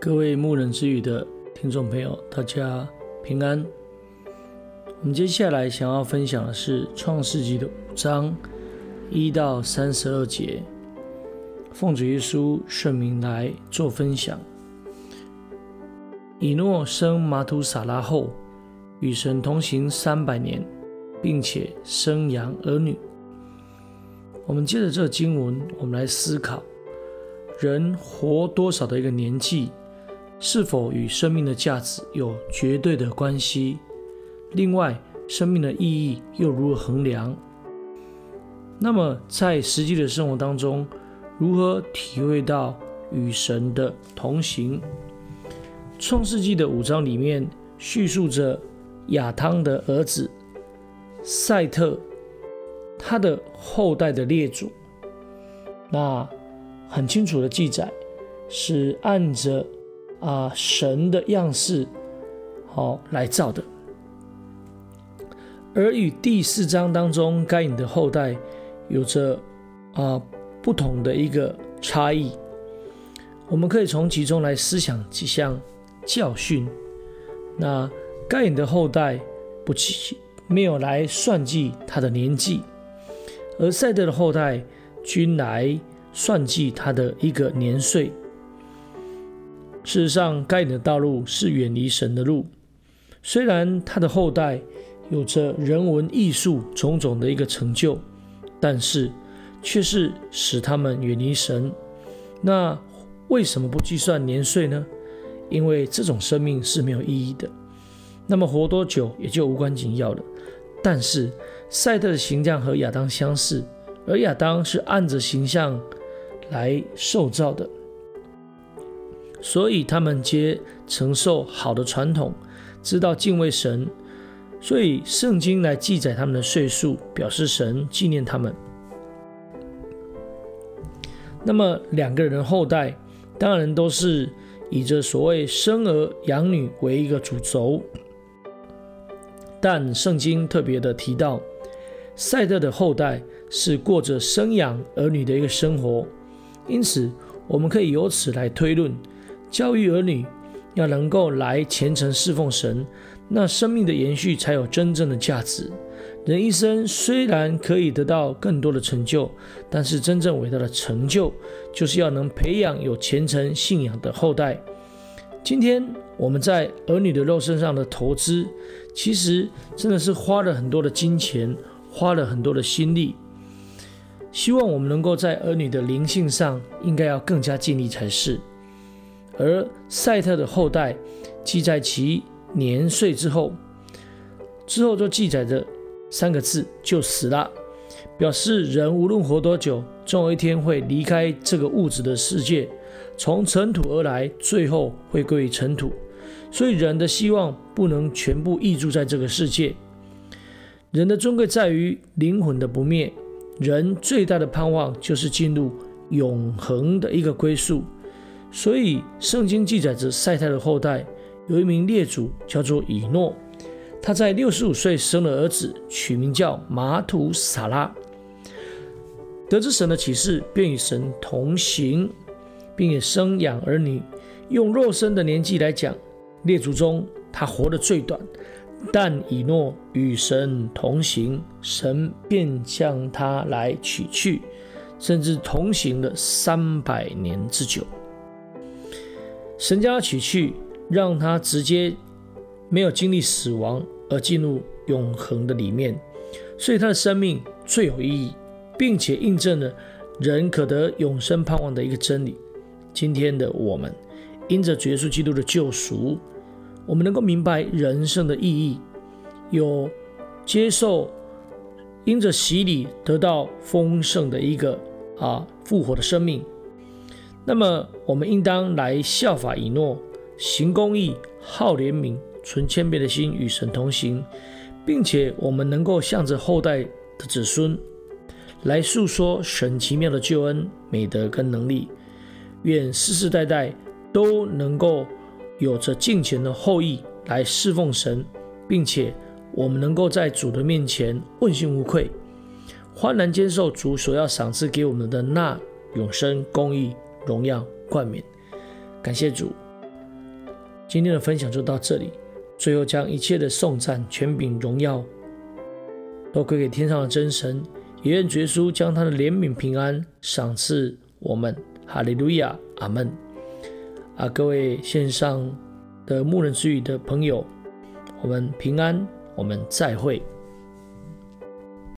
各位牧人之語的聽眾朋友，大家平安。我們接下來想要分享的是創世記的五章一到三十二節，奉主耶穌聖名來做分享。以諾生瑪土撒拉後，與神同行三百年，並且生養兒女。我們接着這個經文，我們來思考人活多少的一個年紀。是否與生命的價值有絕對的關係？另外，生命的意義又如何衡量？那麼，在實際的生活當中，如何體會到與神的同行？創世紀的五章裡面敘述着亞當的兒子塞特，他的後代的列祖，那很清楚的記載是按着。啊，神的樣式好、哦、來造的，而與第四章當中該隱的後代有着啊不同的一個差異，我們可以從其中來思想幾項教訓。那該隱的後代不去沒有來算計他的年紀，而塞特的後代均來算計他的一個年歲。事實上，該隱的道路是遠離神的路。雖然他的後代有着人文藝術種種的一個成就，但是卻是使他們遠離神。那為什麼不計算年歲呢？因為這種生命是沒有意義的。那麼活多久也就無關緊要了。但是賽特的形象和亞當相似，而亞當是按着形象來受造的。所以他們皆承受好的傳統，知道敬畏神，所以聖經來記載他們的歲數，表示神紀念他們。那麼兩個人的後代，當然都是以這所謂生兒養女為一個主軸，但聖經特別的提到，塞特的後代是過着生養兒女的一個生活，因此我們可以由此來推論。教育兒女要能夠來虔誠侍奉神，那生命的延續才有真正的價值。人一生雖然可以得到更多的成就，但是真正偉大的成就，就是要能培養有虔誠信仰的後代。今天我們在兒女的肉身上的投資，其實真的是花了很多的金錢，花了很多的心力。希望我們能夠在兒女的靈性上，應該要更加盡力才是。而賽特的後代記載其年歲之後，之後就記載着三個字，就死了，表示人無論活多久，總有一天會離開這個物質的世界，從塵土而來，最後會歸於塵土。所以人的希望不能全部寄注在這個世界，人的尊貴在於靈魂的不滅，人最大的盼望就是進入永恆的一個歸宿。所以，聖經記載着塞特的後代有一名列祖，叫做以諾。他在六十五歲生了兒子，取名叫瑪土撒拉。得知神的啟示，便與神同行，並且生養兒女。用肉身的年紀來講，列祖中他活得最短。但以諾與神同行，神便將他來取去，甚至同行了三百年之久。神將他取去，讓他直接沒有經歷死亡而進入永恆的裡面，所以他的生命最有意義，並且印證了人可得永生盼望的一個真理。今天的我們，因着耶穌基督的救贖，我們能夠明白人生的意義，有接受因着洗禮得到豐盛的一個啊復活的生命。那麼，我們應當來效法以諾，行公義，好憐憫，存謙卑的心與神同行，並且我們能夠向着後代的子孫來訴說神奇妙的救恩、美德跟能力。願世世代代都能夠有着敬虔的後裔來侍奉神，並且我們能夠在主的面前問心無愧，歡然接受主所要賞賜給我們的那永生公義榮耀冠冕，感謝主。今天的分享就到這裡，最後將一切的頌讚權柄榮耀都歸給天上的真神，也願耶穌將他的憐憫平安賞賜我們。哈利路亞，阿門。啊，各位線上的牧人之語的朋友，我們平安，我們再會。